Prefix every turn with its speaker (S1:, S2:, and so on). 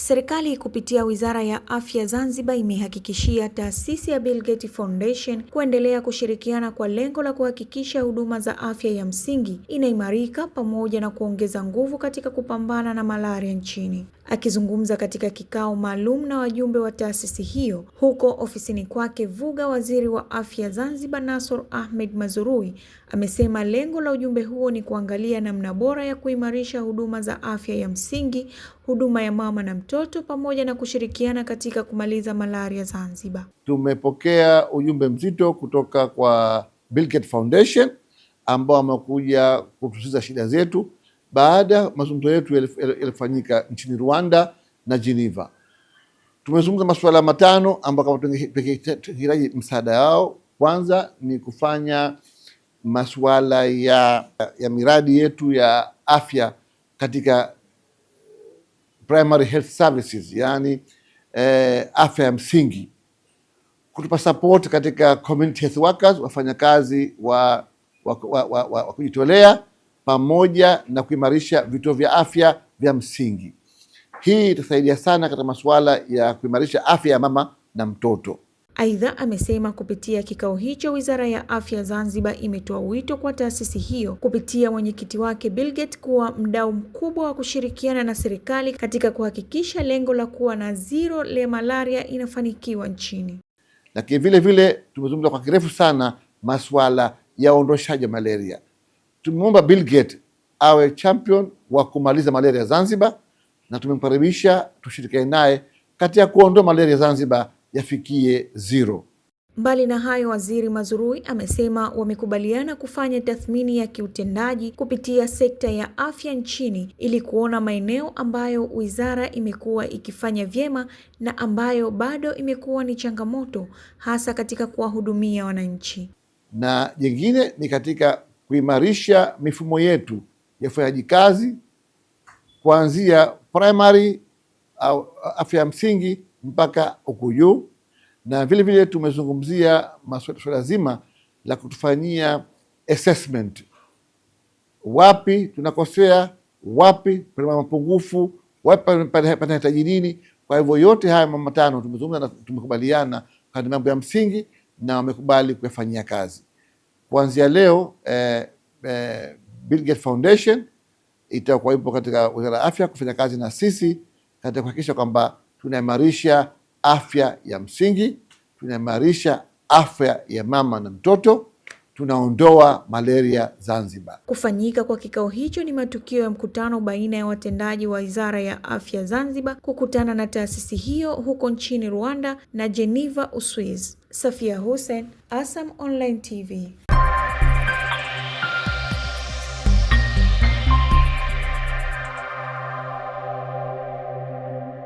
S1: Serikali kupitia Wizara ya Afya Zanzibar imehakikishia taasisi ya Bill Gates Foundation kuendelea kushirikiana kwa lengo la kuhakikisha huduma za afya ya msingi inaimarika pamoja na kuongeza nguvu katika kupambana na malaria nchini. Akizungumza katika kikao maalum na wajumbe wa taasisi hiyo huko ofisini kwake Vuga, Waziri wa Afya Zanzibar Nasor Ahmed Mazurui amesema lengo la ujumbe huo ni kuangalia namna bora ya kuimarisha huduma za afya ya msingi, huduma ya mama na watoto pamoja na kushirikiana katika kumaliza malaria Zanzibar.
S2: Tumepokea ujumbe mzito kutoka kwa Bill Gates Foundation ambao wamekuja kutusiza shida zetu baada ya mazungumzo yetu yalifanyika nchini Rwanda na Geneva. Tumezungumza masuala matano ambayo kama tungehitaji msaada wao. Kwanza ni kufanya masuala ya, ya miradi yetu ya afya katika primary health services, yani eh, afya ya msingi, kutupa support katika community health workers, wafanyakazi wa, wa, wa, wa, wa, wa kujitolea pamoja na kuimarisha vituo vya afya vya msingi. Hii itasaidia sana katika masuala ya kuimarisha afya ya mama na mtoto.
S1: Aidha, amesema kupitia kikao hicho wizara ya afya Zanzibar imetoa wito kwa taasisi hiyo kupitia mwenyekiti wake Bilgate kuwa mdau mkubwa wa kushirikiana na serikali katika kuhakikisha lengo la kuwa na zero le malaria inafanikiwa nchini.
S2: Lakini vile vile tumezungumza kwa kirefu sana masuala ya uondoshaji wa malaria. Tumeomba Bilgate awe champion wa kumaliza malaria Zanzibar na tumemkaribisha tushirikiane naye katika kuondoa malaria Zanzibar yafikie zero.
S1: Mbali na hayo, Waziri Mazurui amesema wamekubaliana kufanya tathmini ya kiutendaji kupitia sekta ya afya nchini ili kuona maeneo ambayo wizara imekuwa ikifanya vyema na ambayo bado imekuwa ni changamoto hasa katika kuwahudumia wananchi.
S2: Na jingine ni katika kuimarisha mifumo yetu ya ufanyaji kazi kuanzia primary au afya ya msingi mpaka huku juu, na vile vile tumezungumzia masuala zima la kutufanyia assessment, wapi tunakosea, wapi pana mapungufu, wapi panahitaji nini. Kwa hivyo yote haya mambo matano tumezungumza na tumekubaliana kati mambo ya msingi na wamekubali kuyafanyia kazi kuanzia leo. Eh, eh, Bill Gates Foundation itakuwa ipo katika Wizara ya Afya kufanya kazi na sisi katika kuhakikisha kwamba tunaimarisha afya ya msingi, tunaimarisha afya ya mama na mtoto, tunaondoa malaria Zanzibar.
S1: Kufanyika kwa kikao hicho ni matukio ya mkutano baina ya watendaji wa Wizara ya Afya Zanzibar kukutana na taasisi hiyo huko nchini Rwanda na Geneva, uswiz Safia Hussein, ASAM Online TV.